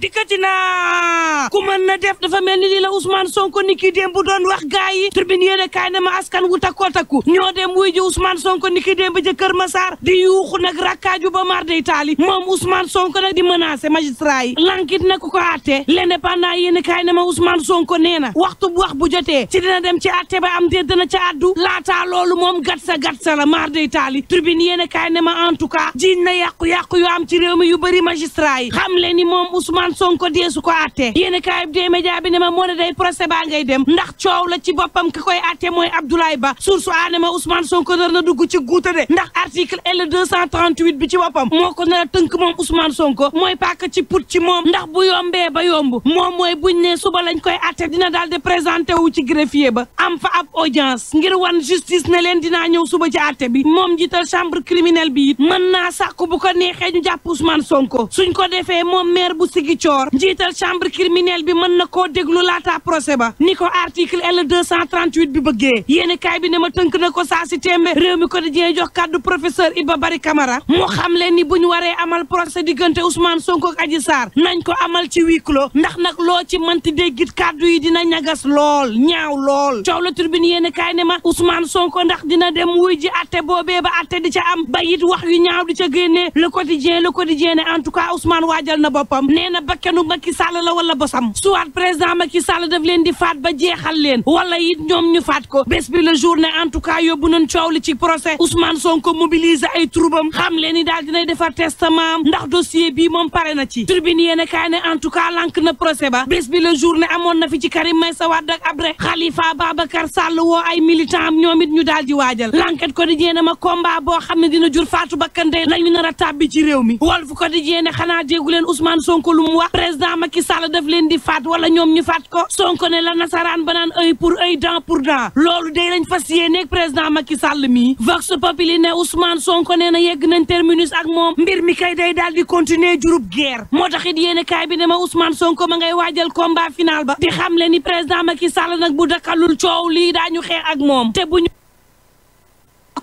dikkati naa ku mën na def dafa mel ni lii la Ousmane Sonko ni ki démb doon wax gaa yi tribune yéen a kaay na ma askan wu ba mar day taali moom Ousmane na ku ko àttee l'indépendant a kaay na ma Ousmane Sonko nee na waxtu bu wax bu jotee ci dina dem ci àtte ba am déet dana ca àddu laataa loolu moom gatsa gatsa la a kaay yàqu-yàqu yu am ci réew mi yu bëri magistrat yi xam ni moom Ousmane Ousmane Sonko deesu ko àtte yéen kaay bi dee média bi ma moo ne day procès baa ngay dem ndax coow la ci boppam ki koy àtte mooy Abdoulaye Ba source a ma Ousmane Sonko nar na dugg ci guuta de ndax article L bi ci boppam moo ko nar a tënk moom Ousmane Sonko mooy paaka ci put ci moom ndax bu yombee ba yomb moom mooy buñ ne suba lañ koy àtte dina daal di présenté wu ci greffier ba am fa ab audience ngir wan justice ne leen dinaa ñëw suba ci àtte bi moom jiital chambre criminelle bi it mën naa sàkku bu ko neexee ñu jàpp Ousmane Sonko suñ ko defee moom maire bu coor njiital chambre criminelle bi mën na koo déglu laata procès ba ni ko article L 238 bi bëggee yéeni kaay bi ne ma tënk na ko saa si téembe réew mi ko di jee jox kàddu professeur Iba Bari Camara mu xam leen ni bu ñu waree amal procès diggante Ousmane Sonko ak Adji Sarr nañ ko amal ci huis clos ndax nag loo ci mënti déggit kàddu yi dina ñagas lool ñaaw lool coow la turbine yéeni kaay ne ma Ousmane Sonko ndax dina dem wuy ji atte boobee ba atte di ca am ba it wax yu ñaaw di ca génnee le quotidien le quotidien en tout cas Ousmane waajal na boppam nee na bakkanu Macky Sall la wala bosam soit président Macky Sall daf leen di faat ba jeexal leen wala it ñoom ñu faat ko bés bi le journée en tout cas yóbbu nañ coow li ci procès son Sonko mobiliser ay troubam xam leen ni daal dinay defar testament ndax dossier bii moom pare na ci tribune yéen a kaay ne en tout cas lànk na procès ba bés bi le journée amoon na fi ci Karim Meïssa Wade ak Abré Khalifa Babacar Sall wo ay militant am ñoom it ñu daal di waajal l'enquête quotidienne ma combat boo xam ne dina jur faatu bakkan day lañu a tàbbi ci mi Walf xanaa déggu leen Ousmane Sonko wax président Macky Sall daf leen di faat wala ñoom ñu faat ko Sonko ne la nasaraan ba naan œil pour œil dent pour dent loolu day lañ fas yéeneeg président Macky Sall mi Vox Populi ne Ousmane Sonko nee na yegg nañ terminus ak moom mbir mi kay day daal di continuer jurub guerre moo tax it yéen kaay bi ne ma Ousmane Sonko ma ngay waajal combat final ba di xam le ni président Macky Sall nag bu dakkalul coow lii ñu xeex ak moom te bu ñu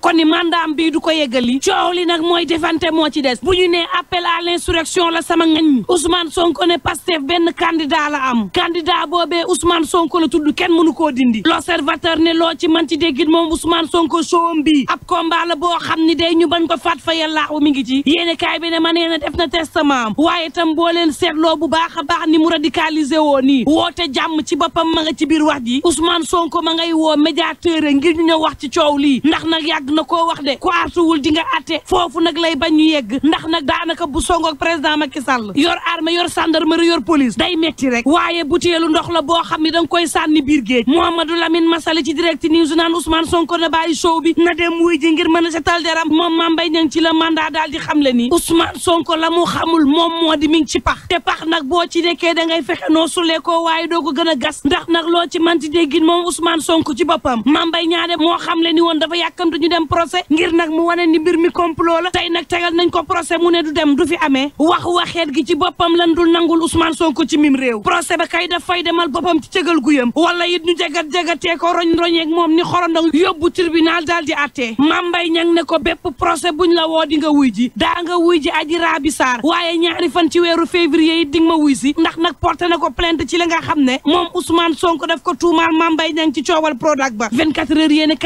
ko ni mandaam bii du ko yeggali coow li nag mooy defante moo ci des bu ñu nee appel à l'insurrection la sama ngañ Ousmane Sonko ne Pastef benn candidat la am candidat boobee Ousmane Sonko la tudd kenn mënu koo dindi l'observateur ne loo ci man ci déggit moom Ousmane Sonko showam bii ab combat la boo xam ni day ñu bañ ko faat fa yàlla mi ngi ci yéene bi ne ma nee na def na testament am waaye itam boo leen seetloo bu baax a baax ni mu radicalisé woo nii woote jàmm ci boppam ma nga ci biir wax ji Ousmane Sonko ma ngay woo médiateur ngir ñu ñëw wax ci coow lii nag yàgg na koo wax de ku artuwul di nga foofu nag lay bañ ñu yegg ndax nag daanaka bu songoog président Macky Sall yor armée yor gendarmerie yor police day metti rek waaye butéelu ndox la boo xam ne da nga koy sànni biir ma Mouhamadou Lamine Massaly ci direct news naan Ousmane Sonko na bàyyi show bi na dem wuy ji ngir mën a setal deram moom ma Mbaye Niang ci la mandat daal di xam le ni Ousmane Sonko la mu xamul moom moo di mi ngi ci pax te pax nag boo ci nekkee da ngay fexe noo sulee ko waaye doo ko gën gas ndax nag loo ci manti déggin moom Ousmane Sonko ci boppam Mame Mbaye Niang moo xam le ni woon dafa yàkkamtu dem procès ngir nag mu wane ni mbir mi complot la tey nag tegal nañ ko procès mu ne du dem du fi amee wax waxeet gi ci boppam lan dul nangul Ousmane Sonko ci mim réew procès ba kay daf demal boppam ci cëgal guyam wala it ñu jagat jagatee ko roñ roñeeg moom ni xorondong yóbbu tribunal daal di attee mambay ne ko bépp procès buñ la woo di nga wuy ji daa nga wuy ji aji raabi saar waaye ñaari fan ci weeru février yi di nga ma wuy si ndax nag porté na ko plainte ci li nga xam ne moom Ousmane Sonko daf ba 24 heures yéen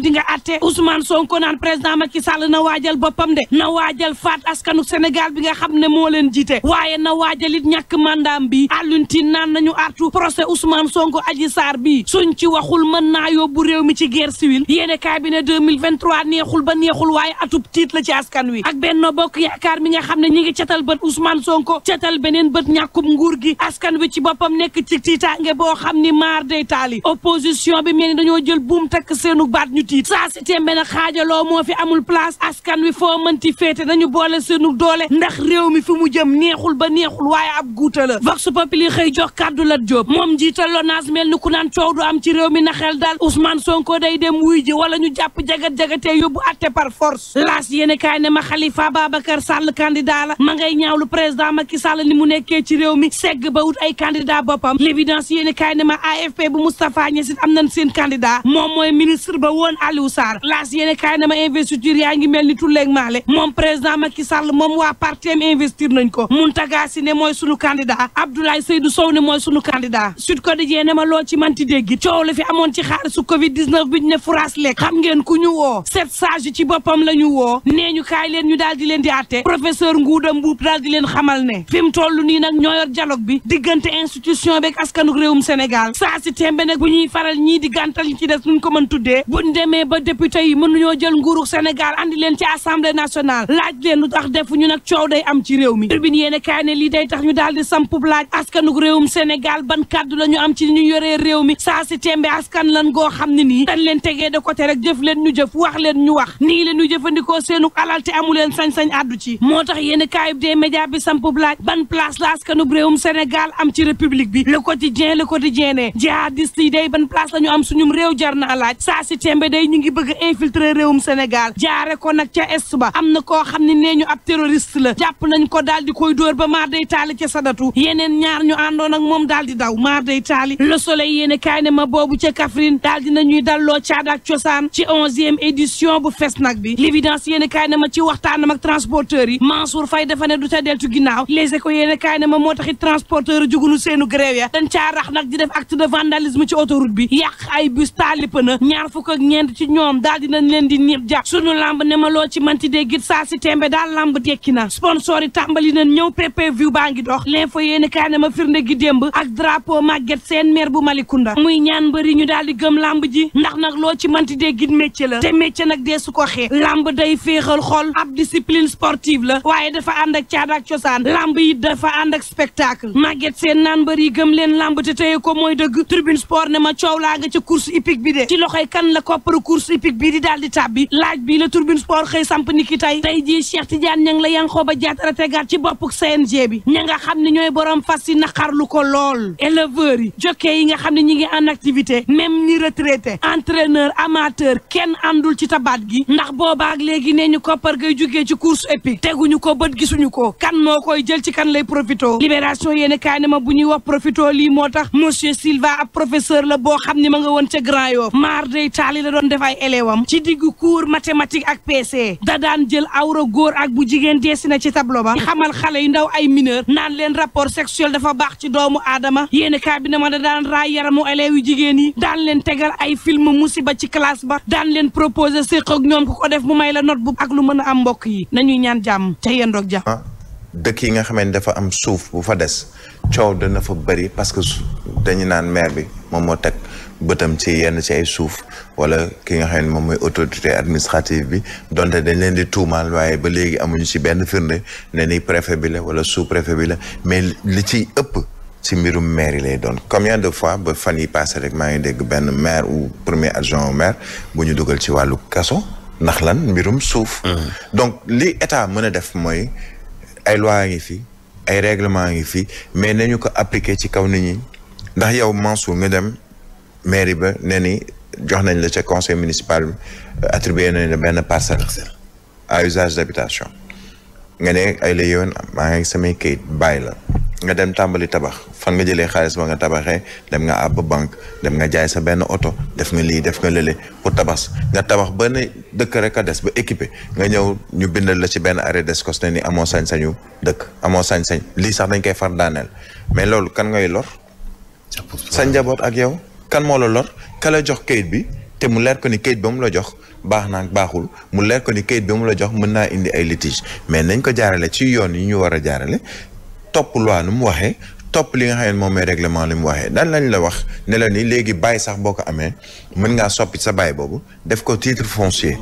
nangul di nga atte Ousmane Sonko naan président Macky Sall na waajal boppam de na waajal faat askanu Sénégal bi nga xam ne moo leen jiite waaye na waajal it ñàkk mandaam bi àlluntin naan nañu artu procès Ousmane Sonko Adji Sarr bi suñ ci waxul mën naa yóbbu réew mi ci guerre civile yéene cabinet 2023 neexul ba neexul waaye atub tiit la ci askan wi ak Benno Bokk Yaakaar mi nga xam ne ñi ngi cetal bët Ousmane Sonko cetal beneen bët ñàkkum nguur gi askan wi ci boppam nekk ci tiitaange boo xam ni maar day taali opposition bi mel ni dañoo jël buum takk seenu baat ñu tiit saa si tembe na xaajaloo moo fi amul place askan wi foo mënti féete nañu boole seenu doole ndax réew mi fu mu jëm neexul ba neexul waaye ab guuta la vox populi xëy jox kàddu la Diop moom njiital LONASE mel ni ku naan coow du am ci réew mi na xel daal Ousmane Sonko day dem wuy ji wala ñu jàpp jagat-jagatee yóbbu atte par force laas yéen kaay ne ma Khalifa Babacar sàll candidat la ma ngay ñaaw lu président Macky Sall ni mu nekkee ci réew mi segg ba wut ay candidat boppam l'évidence yéen kaay ne ma AFP bu Moustapha Niassine am nañ seen woon Aliou Sarr laas yéene kaay na ma investiture yaa ngi mel ni tulleeg maale moom président Macky Sall moom waa partem investir nañ ko Mountaga Sy ne mooy sunu candidat Abdoulaye Seydou Sow ne mooy sunu candidat Sud Quotidien ne ma loo ci manti dégg coow la fi amoon ci xaalisu covid 19 bi ñu ne furaas lekk xam ngeen ku ñu woo sept sages ci boppam la ñu woo nee ñu kaay ñu daal di leen di àtte professeur Ngouda Mboup daal di leen xamal ne fi mu toll nii nag ñoo yor bi diggante institution beeg askanuk réewum Sénégal saa si tembe nag bu ñuy faral ñii di gàntal ci des ko mën tuddee demee ba député yi mënuñoo jël nguurug Sénégal andi leen ci assemblée nationale laaj leen lu tax defuñu nag coow day am ci réew mi tribune yéene kaay ne lii day tax ñu daal di sampub laaj askanug Sénégal ban kàddu la am ci ñu yoree réew mi saa si tembe askan lan goo xam ne nii dañ leen tegee de côté rek jëf leen ñu jëf wax leen ñu wax nii leen ñu jëfandikoo seenug alal te amu leen sañ-sañ àddu ci moo tax yéen kaayub des médias bi sampub laaj ban place la askanug réewum Sénégal am ci république bi le quotidien le quotidien ne jihadiste yi day ban place la ñu am suñum réew jar naa laaj saa si tembe day ñu ngi bëgg a infiltrer réewum Sénégal jaare ko nag ca est ba am na koo xam ne nee ñu ab terroriste la jàpp nañ ko daal di koy dóor ba maar day taali ca sadatu yeneen ñaar ñu àndoon ak moom daal di daw maar day taali le soleil yéene kaay ma boobu ca Kaffrine daal di nañuy dalloo caada ak cosaan ci onzième édition bu nag bi l'évidence yéene kaay ma ci waxtaanam ak transporteurs yi Mansour Faye dafa ne du ca deltu ginnaaw les écoles yéene kaay ne ma moo taxit transporteur jugunu seenu grève ya dañ caa rax nag di def acte de vandalisme ci bi yàq ay bus ñeent ci ñoom daal dinañ leen di niib jàpp sunu lamb ne ma loo ci manti dee git saa si tembe daal lamb tekki na sponsor yi tàmbali nañ ñëw PPV baa ngi dox l'info yéeni kaay ne ma firnde gi seen maire bu Malicounda muy ñaan mbëri ñu daal di gëm lamb ji ndax nag loo ci manti dee git métier la te métier nag dee su ko xee lamb day féexal xol ab discipline sportive la waaye dafa ànd ak caada ak cosaan lamb yi dafa ànd ak spectacle màgget seen naan yi gëm leen lamb te téye ko mooy dëgg tribune sport ne ma coow laa nga ca course hippique bi de ci loxo yi kan la kopp après course hippique bii di daal di tàbbi laaj bi la turbine sport xëy samp niki tey tey jii Cheikh Tidiane ña ngi la xam ne ñooy borom fas yi naqarlu ko lool éleveurs yi jokkee yi nga xam ne ñi ngi en activité même ñi retraité entraîneur amateur kenn àndul ci tabaat gi ndax boobaak léegi nee ñu koppar gay jugee ci course épique teguñu ko bët gisuñu ko kan moo koy jël ci kan lay profito libération yéeni kaay ne ma bu ñuy wax profito lii moo tax monsieur Silva ab professeur la boo xam ni ma nga woon ca Grand Yoff maar day taali la doon def ay am ci diggu cours mathématique ak PC da daan jël awra góor ak bu jigéen dessina ci tableau ba xamal xale yu ndaw ay mineur naan leen rapport sexuel dafa baax ci doomu aadama yéen kaa bi ne ma da daan raay yaramu élèves yu jigéen yi daan leen tegal ay film musiba ci classe ba daan leen proposé séq ak ñoom ku ko def mu may la note bu ak lu mën a am mbokk yi nañuy ñaan jaam te yéen doog jàmm ah, dëkk yi nga xam ne dafa am suuf bu fa des coow dana fa bëri parce que dañu naan maire bëtam ci yenn ci ay suuf wala ki nga xam ne moom mooy autorité administrative bi donte dañ leen di tuumaal waaye ba léegi amuñu ci benn firnde ne ni préfet bi la wala sous préfet bi la mais li ci ëpp ci mbirum maire yi lay doon combien de fois ba fan yi passé rek maa ngi dégg benn maire ou premier adjoint au maire bu ñu dugal ci wàllu kaso ndax lan mbirum suuf donc li état mën a def mooy ay loi ngi fi ay réglement ngi fi mais nañu ko appliquer ci kaw nit ñi ndax yow Mansour nga dem mairie ba ne ni jox nañ la ca conseil municipal attribué nañ la benn parcelle a usage d'habitation nga ne ay la yoon maa ngi samay kayit bàyyi la nga dem tàmbali tabax fa nga jëlee xaalis ba nga tabaxee dem nga àbb banque dem nga jaay sa benn oto def nga lii def nga lële pour tabax nga tabax ba ne dëkk rek a des ba équipe nga ñëw ñu bindal la ci benn arrêt d'escos ne ni amoo sañ-sañu dëkk amoo sañ-sañ lii sax dañ koy far daaneel mais loolu kan ngay lor sa njaboot ak yow kan moo la lor ka la jox kayit bi te mu leer ko ni kayit ba mu la jox baax na baaxul mu leer ko ni kayit ba mu la jox mën naa indi ay litige mais nañ ko jaarale ci yoon yu ñu war a jaarale topp loi nu mu waxee topp li nga xam ne moom mooy règlement li mu waxee dan lañ la wax ne la ni léegi bàyyi sax boo ko amee mën ngaa soppi sa bàyyi boobu def ko titre foncier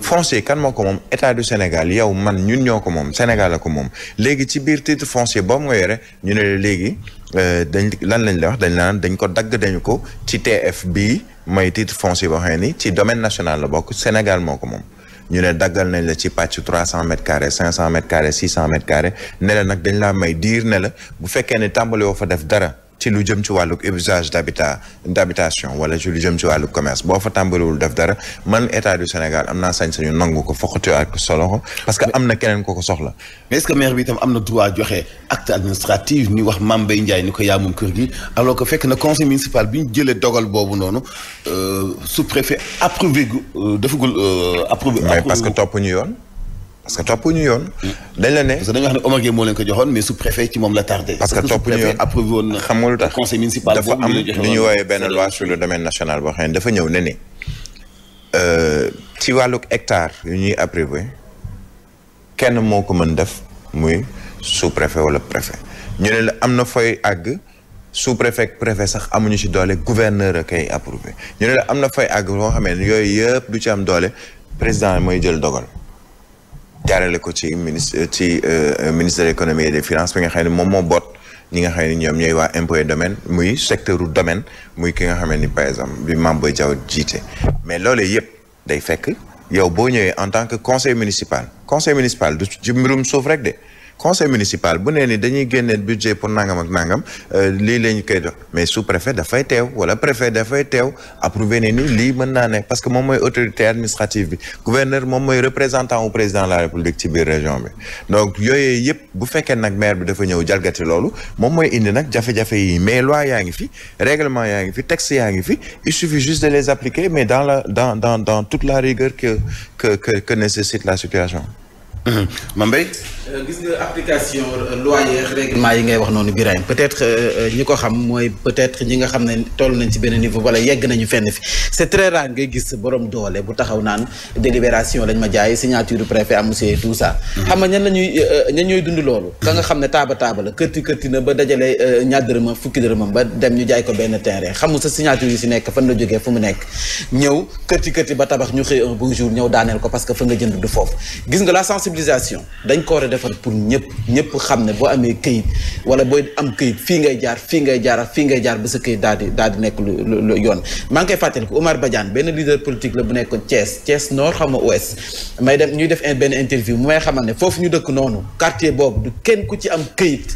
foncier kan moo ko moom état du Sénégal yow man ñun ñoo ko moom Sénégal la ko moom léegi ci biir titre foncier boobu nga rek ñu ne la léegi euh, dañ lan lañ la wax dañ naan dañ ko dagg dañu ko ci TF bii mooy titre foncier boo xam ne ni ci domaine national la bokk Sénégal moo ko moom ñu ne daggal nañ la ci pàcc trois cent mètres carrés cinq cent mètres carrés six cent mètres carrés ne la nag dañ laa may diir ne la bu fekkee ne tàmbali woo fa def dara ci lu jëm ci wàllu usage d'habitat d'habitation wala ci lu jëm ci wàllu commerce boo fa tàmbaliwul def dara man état du Sénégal am naa sañ-sañu nangu ko foqatu ak solo parce que am na keneen ko ko soxla. mais est-ce que bi itam am na droit joxe acte administratif ni wax Mame Mbaye Ndiaye ni ko yaa moom kër gi alors que fekk na conseil municipal bi ñu jëlee dogal boobu noonu euh, sous-préfet approuvé gu euh, defagul euh, approuvé. mais parce que topp ñu yoon. parce que ñu yoon. Mm. dañ la ne parce que dañoo xam ne Omar moo leen ko joxoon mais sous préfet ci moom la tardé. parce que toppuñu yoon approuvé woon na ñu woowee benn loi sur le domaine national boo xam ne dafa ñëw ne ni euh, yu ñuy approuvé kenn moo ko mën def muy sous préfet wala préfet ñu ne la am na fooy àgg. sous préfet préfet sax amuñu ci doole gouverneur a koy approuvé ñu ne la am na fay àgg boo xamee ne yooyu yëpp du ci am doole président mooy jël dogal jaarale ko ci ministre ci euh, ministre de l'économie et des finances bi nga xam ne moom moo boot ñi nga xam ne ñoom ñooy waa impôt et domaine muy secteur u domaine muy ki nga xam ni par exemple bi Mame Boye jaw jiite mais loolu yëpp day fekk yow boo ñëwee en tant que conseil municipal conseil municipal du ci mbirum suuf rek de conseil municipal bu nee ni dañuy génne budget pour nangam ak nangam euh, lii la ñu koy dox mais sous préfet dafay teew wala préfet dafay teew approuvé ne ni lii mën naa ne parce que moom mooy autorité administrative bi gouverneur moom mooy représentant au président de la république ci biir région bi donc yooyu yëpp bu fekkee nag maire bi dafa ñëw jalgati loolu moom mooy indi nag jafe-jafe yi mais loi yaa ngi fi règlement yaa ngi fi texte yaa ngi fi il suffit les appliquer mais dans la dans dans dans toute la rigueur que que que que nécessite la situation. Euh, gis nga application euh, yi ngay wax noonu Birahim peut euh, ñi ko xam mooy peut-être ñi nga xam ne toll nañ ci benn niveau wala yegg nañu fenn fi c'est très rare ngay gis borom doole bu taxaw naan délibération lañ ma jaay signature préfet am monsieur tout ça. Mhm. xam nga ñan la ñuy ñan dund loolu. ka nga xam ne taaba taaba la kërti kërti na ba dajale ñaar dërëmam fukki dërëmam ba dem ñu jaay ko benn terrain xamul sa signature yi si nekk fan la jógee fu mu nekk ñëw kërti kërti ba tabax ñu xëy un ñëw daaneel ko parce que fa nga jënd foofu gis nga la sensibilisation dañ defar pour ñëpp ñëpp xam ne boo amee këyit wala booy am këyit fii ngay jaar fii ngay jaar fii ngay jaar ba sa këyit daal di daal di nekk lu lu yoon maa ngi koy fàttaliku Omar Badiane benn leader politique la bu nekkoon Thiès Thiès Nord xam nga ouest may dem ñuy def benn interview mu may xamal ne foofu ñu dëkk noonu quartier boobu du kenn ku ci am këyit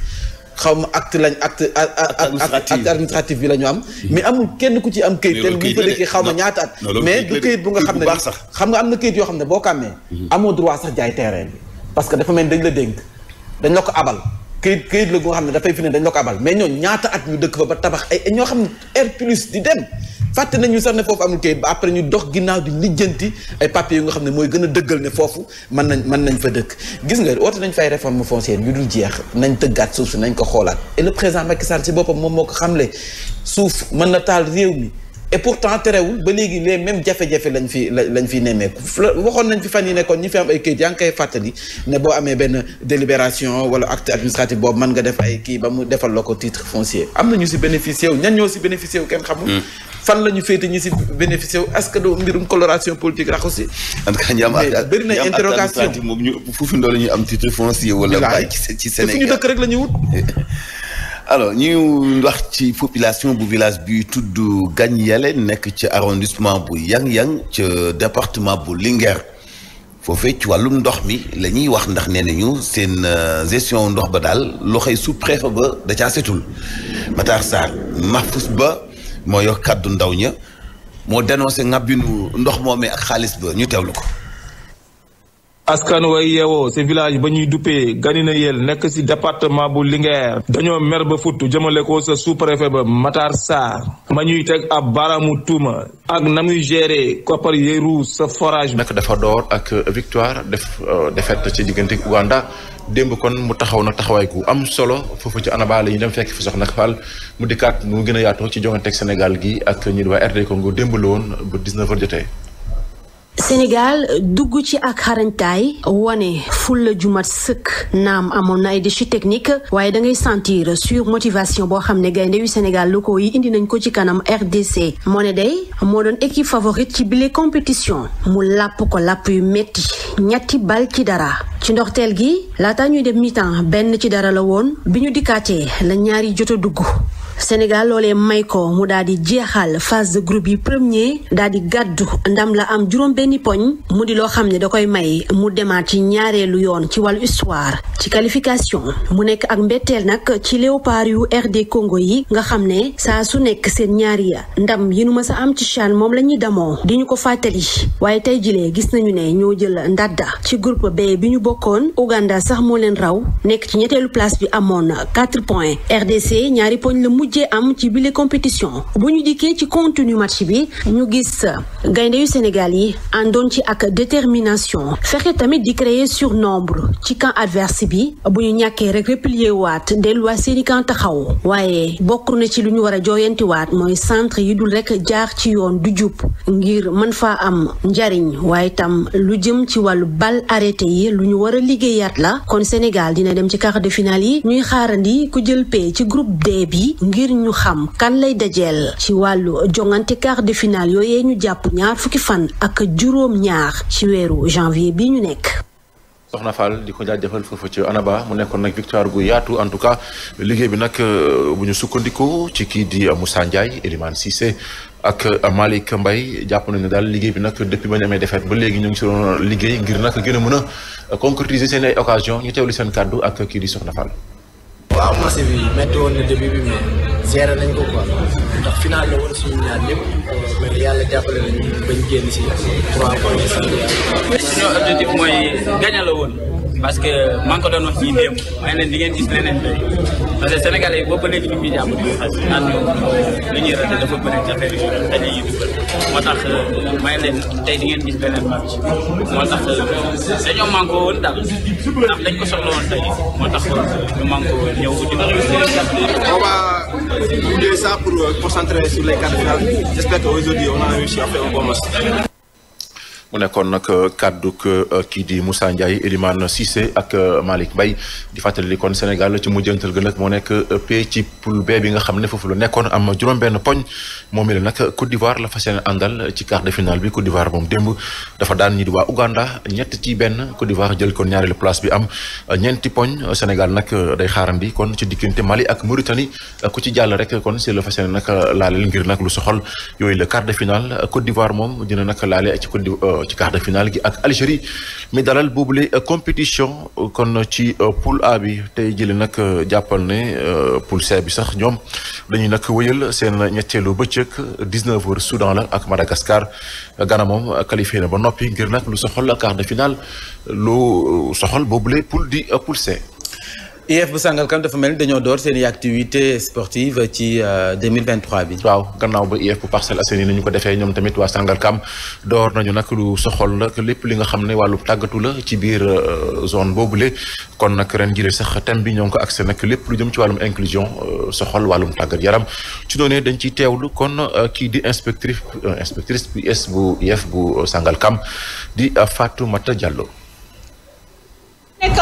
xaw ma acte lañ acte acte administratif bi lañu am mais amul kenn ku ci am këyit te bu fa dëkkee xaw ma ñaata at mais du këyit bu nga xam ne xam nga am na këyit yoo xam ne boo kàmmee mhm. amoo droit sax jaay terrain bi parce que dafa mel dañ la dénk dañ la ko abal këyit këyit la goo xam ne dafay fi ne dañ la ko abal mais ñooñu ñaata at ñu dëkk fa ba tabax ay ñoo xam ne air di dem fàtte nañu sax ne foofu amul këyit ba après ñu dox ginnaaw di lijjanti ay papiers yu nga xam ne mooy gën a dëggal ne foofu mën nañ mën nañ fa dëkk gis nga woote nañ fay réforme foncière yu dul jeex nañ tëggaat suuf si nañ ko xoolaat et présent président Macky Sall si boppam moom moo ko xam xamle suuf mën na taal réew mi et pourtant terewul ba léegi les mêmes jafe-jafe lañ fi lañ fi nemmeeku waxoon nañ fi fan yi nekkoon ñi fi am ay kayit yaa ngi koy fàttali ne boo amee benn délibération wala acte administratif boobu mën nga def ay kii ba mu defal la ko titre foncier am nañu si bénéficié wu ñan ñoo si bénéficié wu kenn xamul. Hmm. fan la ñu féete ñu si bénéficié wu est-ce que du mbirum coloration politique rax aussi. en tout cas ñi am bëri na interrogation moom ñu ëpp foofu ndoo la ñuy am titre foncier. wala bàyyi ci Sénégal te fu ñu rek la ñuy alors ñu wax ci population bu village bi tudd yale nekk ci arrondissement bu Yang-Yang ci département bu Linguère foofee ci wàllum ndox mi la ñuy wax ndax nee nañu seen euh, gestion ndox ba daal loxoy sous fa ba da caa setul Matar Sarr Ba moo yor kàddu ndaw ña moo dénoncé ngàbbinu ndox moomee ak xaalis ba ñu teewlu ko. askan way yeewoo si village ba ñuy duppee Ganina Yel nekk si département bu Linguère dañoo mer ba futt jëmale ko sa sous-préfet ba Matar Sarr ma ñuy teg ab baaraamu tuuma ak na muy gérer koppar yeeru sa forage. nag dafa door ak victoire def euh, defet ci diggante Uganda démb kon mu taxaw na taxawaay gu am solo foofu ci Annaba la ñu dem fekk fi soxna Fall mu dikkaat mu gën a yaatoo ci joŋanteeg Sénégal gi ak ñi di waa RD Congo démb la woon ba jotee. Sénégal dugg ci ak xarañtaay wane fulla ju mat sëkk naam amoon na ay déchets techniques waaye dangay ngay sentir sur motivation boo xam ne gaynde Sénégal lu ko yi indi nañ ko ci kanam RDC moo ne day moo doon équipe favorite ci bile compétition mu làpp ko làpp yu metti ñetti bal ci dara ci ndoxteel gi laata ñuy dem mi-temps benn ci dara la woon bi ñu dikkaatee la ñaari jot a dugg Sénégal loolee may ko mu daal di jeexal phase de groupe yi premier daal di gàddu ndam la am juróom benni poñ mu di loo xam ne da koy may mu demaat ci ñaareelu yoon ci wàllu histoire ci qualification mu nekk ak mbetteel nag ci léopard yu RD kongo yi nga xam ne saa su nekk seen ñaari ya ndam yi nu ma sa am ci CHAN moom la ñuy damoo di ñu ko fàttali waaye tey jilee gis nañu ne ñoo jël ndadda ci groupe B bi ñu bokkoon Ouganda sax moo leen raw nekk ci ñetteelu place bi amoon 4 points RDC ci am ci bile compétition bu ñu dikkee ci contenu match bi ñu gis gaynde yu Sénégal yi àndoon ci ak détermination fexe tamit di créer surnombre ci camp adverse bi bu ñu ñàkkee rek replier waat delluwaat seeni camp taxaw waaye bokk na ci lu ñu war a jooyantiwaat mooy centre yi dul rek jaar ci yoon du jub ngir mën fa am njariñ waaye tam lu jëm ci wàllu bal arrêté yi lu ñu war a liggéeyaat la kon Sénégal dina dem ci quart de finale yi ñuy xaarandi ci groupe ngir ñu xam kan lay dajeel ci wàllu jongante quart de finale yooyee ñu jàpp ñaar fukki fan ak juróom ñaar ci weeru janvier bi ñu nekk. soxna Fall di ko jaajëfal foofu ci Anaba mu nekkoon nag victoire gu yaatu en tout cas liggéey bi nag euh, bu ñu sukkandiku ci kii di euh, Moussa Ndiaye Elimane Cissé ak euh, Malick mbay jàpp nañu daal liggéey bi nag depuis ba ñu amee ba léegi ñu ngi si doon liggéey ngir nag gën a mën a concrétiser seen ay occasion ñu teewli seen kàddu ak kii di soxna na début gérer nañ ko quoi ndax final la woon suñu ñaar ñëpp mais yàlla jàppale nañu bañ génn si trois points. suñu objectif mooy gagné la parce que maa ngi ko doon wax ci démb may leen di ngeen gis parce que sénégalais yi boobu ba léegi ñu ngi jàpp di xas naan lu ñuy rate dafa bëri jafe yu dañu yi dugal moo tax euh, may leen tey di ngeen gis beneen match moo tax euh, dañoo manqué woon daal ndax dañ ko soxla woon tey moo tax euh, ñu manqué woon ñëw di on va concentrer sur les quarts de finale j'espère qu'aujourd'hui on a réussi à faire mu nekkoon nag euh, kàddu euh, kii di Moussa Ndiaye Elimane Cissé ak euh, Malick Mbaye di fàttali kon Sénégal ci mujjantal ga nag moo nekk pays ci poule B bi nga xam ne foofu la nekkoon am ma juróom-benn poñ moom la nag la fas yéene àndal ci quart de finale bi Côte d'Ivoire moom démb dafa daan ñi di waa Ouganda ñett ci benn Côte d'Ivoire jël kon ñaareelu place bi am ñeenti poñ Sénégal nag day xaarandi kon ci diggante Mali ak Mauritanie ku ci jàll rek kon si la fas yéene nag laaleel ngir nag lu soxal yooyu le quart de finale Côte d'Ivoire moom dina nag laale ci Côte ci quart de finale gi ak Algérie mi dalal boobule compétition kon ci euh, poule A bi tey jële nag euh, jàppal ne euh, poule C bi sax ñoom dañuy nag wëyal seen ñetteelu bëccëg 19h Soudan la ak Madagascar Ghana moom qualifié na ba noppi ngir nag lu soxal quart de finale lu soxal boobule poule di poule C. IEF bu Sàngalkam dafa mel ni dañoo door seen i activité sportive ci 2023 euh, bi. waaw gannaaw ba IEF bu Parcelles Assainies ni ñu ko defee ñoom tamit waa Sàngalkam door nañu nag lu soxol nag lépp li nga xam ne wàllu tàggatu la ci biir euh, zone le kon nag ren jii sax thème bi ñoo ngi ko accès nag lépp lu jëm ci wàllum inclusion euh, soxol wàllum tàggat yaram ci noonu dañ ciy teewlu kon kii di inspectrice inspectrice bu IEF bu IEF bu Sàngalkam di Fatoumata Diallo. nekk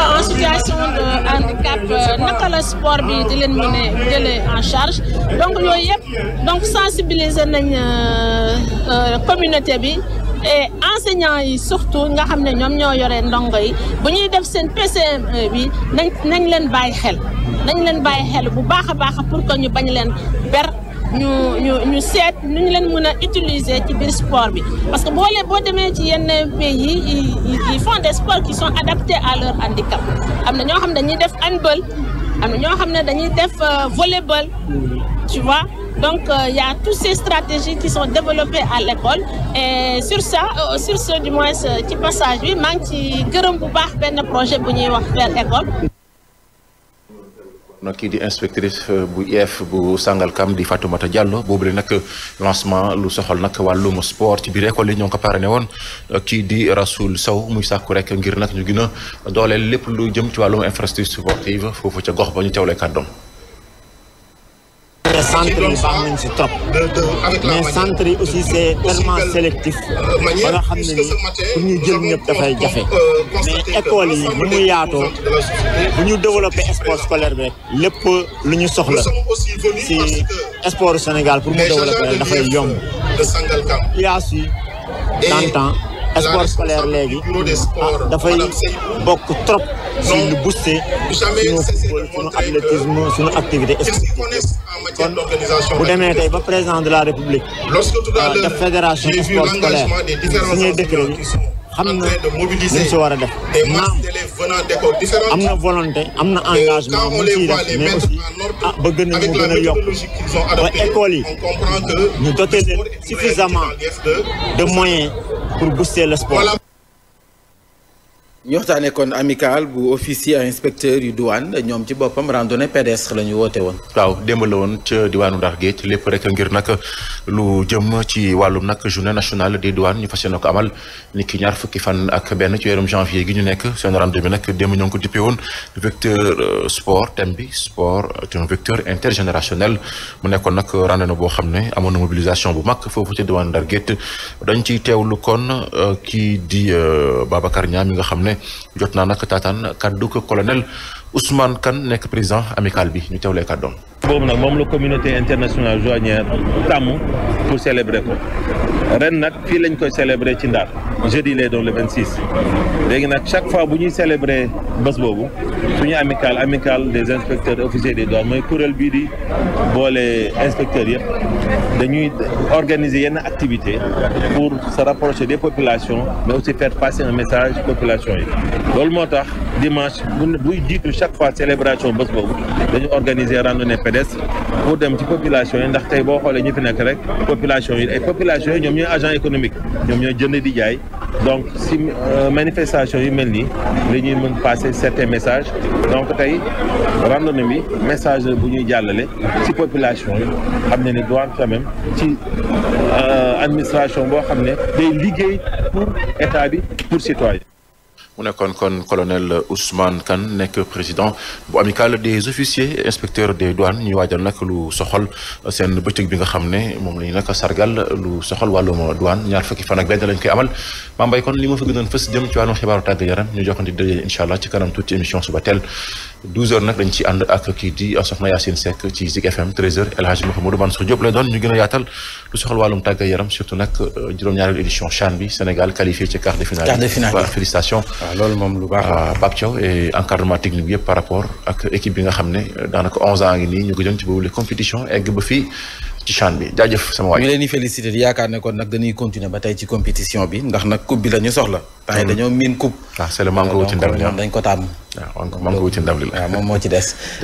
handicap euh, naka la sport bi di leen mën a jëlee en charge donc yooyu yëpp donc sensibiliser nañ euh, euh, communauté bi et yi surtout nga xam ne ñoom ñoo yore ndongo yi bu ñuy def seen PCME bi nañ nañ leen bàyyi xel nañ leen bàyyi xel bu baax a baax pour que ñu bañ leen ber ñu ñu ñu seet nu ñu leen mën a utiliser ci biir sport bi parce que boole boo demee ci yenn pays yi ils font des sports qui sont adaptés à leur handicap am na ñoo xam ne dañuy def handball am na ñoo xam ne dañuy def euh, volleyball tu vois donc il euh, y a toutes ces stratégies qui sont développées à l'école et sur ça euh, sur ce du moins ci passage bi maa ngi ci gërëm bu baax benn projet bu ñuy wax vers école nag kii di inspectrice euh, bu IEF bu kam di Fatoumata boobu boobule nag lancement lu soxal nag wàllum sport ci biir école yi ñoo ngi ko parrainé woon euh, kii di Rasoul saw muy sàkku rek ngir nag ñu gën a dooleel lépp lu jëm ci wàllum infrastructure sportive foofu ca gox ba ñu teewlee kàddoom te centre yi baax nañ si trop mais centre yi aussi c' est tellement sélectif ba nga xam ne ni pour ñu jël ñëpp dafay jafe mais école yi bu mu yaatoo bu ñu développé sport scolaire bi lépp lu ñu soxla si sport Sénégal pour mu développé rek dafay yomb yaa si tantan sport scolaire léegi ah, dafay bokk trop si lu booster suñu football suñu athlétisme suñu activité sportive kon bu demee tey ba président de la république. def fédération sport scolaire suñuy décret bi xam na li si war a def naam am na volonté am na engagement mu ciy def mais aussi ah bëgg nañu mu gën yokk ba école yi ñu doter leen suffisamment de moyens pour booster le sport. ñu waxtaanee kon amical bu officier ak inspecteur yu douane ñoom ci boppam randonnée pédestre la ñu woote woon. waaw démb la woon ca diwaanu Ndax Géej lépp rek ngir nag lu jëm ci wàllum nag journée nationale des douanes ñu fas yéene ko amal ni ki ñaar fukki fan ak benn ci janvier gi ñu nekk seen randonnée bi nag démb ñoo ko dippee woon vecteur euh, sport bi sport est un vecteur intergénérationnel mu nekkoon nag randonnée boo xam ne amoon na mobilisation bu mag foofu ca diwaanu Ndax Géej ci ciy teewlu kon euh, ki di euh, Babacar Niang mi nga xam ne. ne jot naa nag taataan kaddu colonel Ousmane Kane nekk président amical bi ñu teewlee kàddoom. boobu nag moom la communauté internationale joanière tàmm pour célébrer ko ren nag fii lañ koy célébrer ci Ndar jeudi lay doon le 26 léegi nag chaque fois bu ñuy célébrer bés boobu suñu amical amical des inspecteurs officiers des douanes mooy kuréel bii di boole inspecteurs yi dañuy organiser yenn activité pour se rapprocher des populations mais aussi faire passer un message population yi loolu moo tax dimanche buy jiitu chaque fois célébration bés boobu dañu organiser randonnée pédestre pour dem ci population yi ndax tey boo xoolee ñu fi nekk rek population yi ay population yi ñoom ñooy agent économique ñoom ñoo jënd di jaay donc si euh, manifestation yu mel nii la ñuy mën passer certains messages donc tey randonnée bi message bu ñuy jàllale si population yi xam ne ne douane quand même ci euh, administration boo xam ne day liggéey pour état bi pour citoyen mu nekkoon kon colonel Ousmane kan nekk président bu amicale des officiers inspecteurs des douanes ñuy waajal nag lu soxal seen bëccëg bi nga xam ne moom la ñu nag sargal lu soxal wàllum douane ñaar fukki fan ak benn lañ koy amal maa mbay kon li ma fa fës jëm ci wàllum xibaaru tàgg yaram ñu joxandi daje incha allah ci kanam tuuti émission suba teel 12 heures nag dañ ci ànd ak kii di soxna Yacine Seck ci Zik FM 13 heures El Hadj Mouhamadou Mansour Diop lay doon ñu gën a yaatal lu soxal wàllum tàggat yaram surtout nag euh, juróom-ñaareelu édition CHAN bi Sénégal qualifié ci quart de finale. quart de finale waaw félicitations. moom lu baax la Pape Thiaw et encadrement technique bi yëpp par rapport ak équipe bi nga xam ne euh, daanaka 11 ans ngi nii ñu ko jëm ci boobu les compétitions egg ba fii. ci bi jaajëf sama waay. ñu leen félicité di yaakaar ne kon nag dañuy continuer ba tey ci compétition bi ndax nag coupe bi la soxla. waaye hmm. dañoo miin coupe. waaw ah, euh, dañ ko tàmm. waaw ah, manque wu ci la. Ah, moom moo ci des.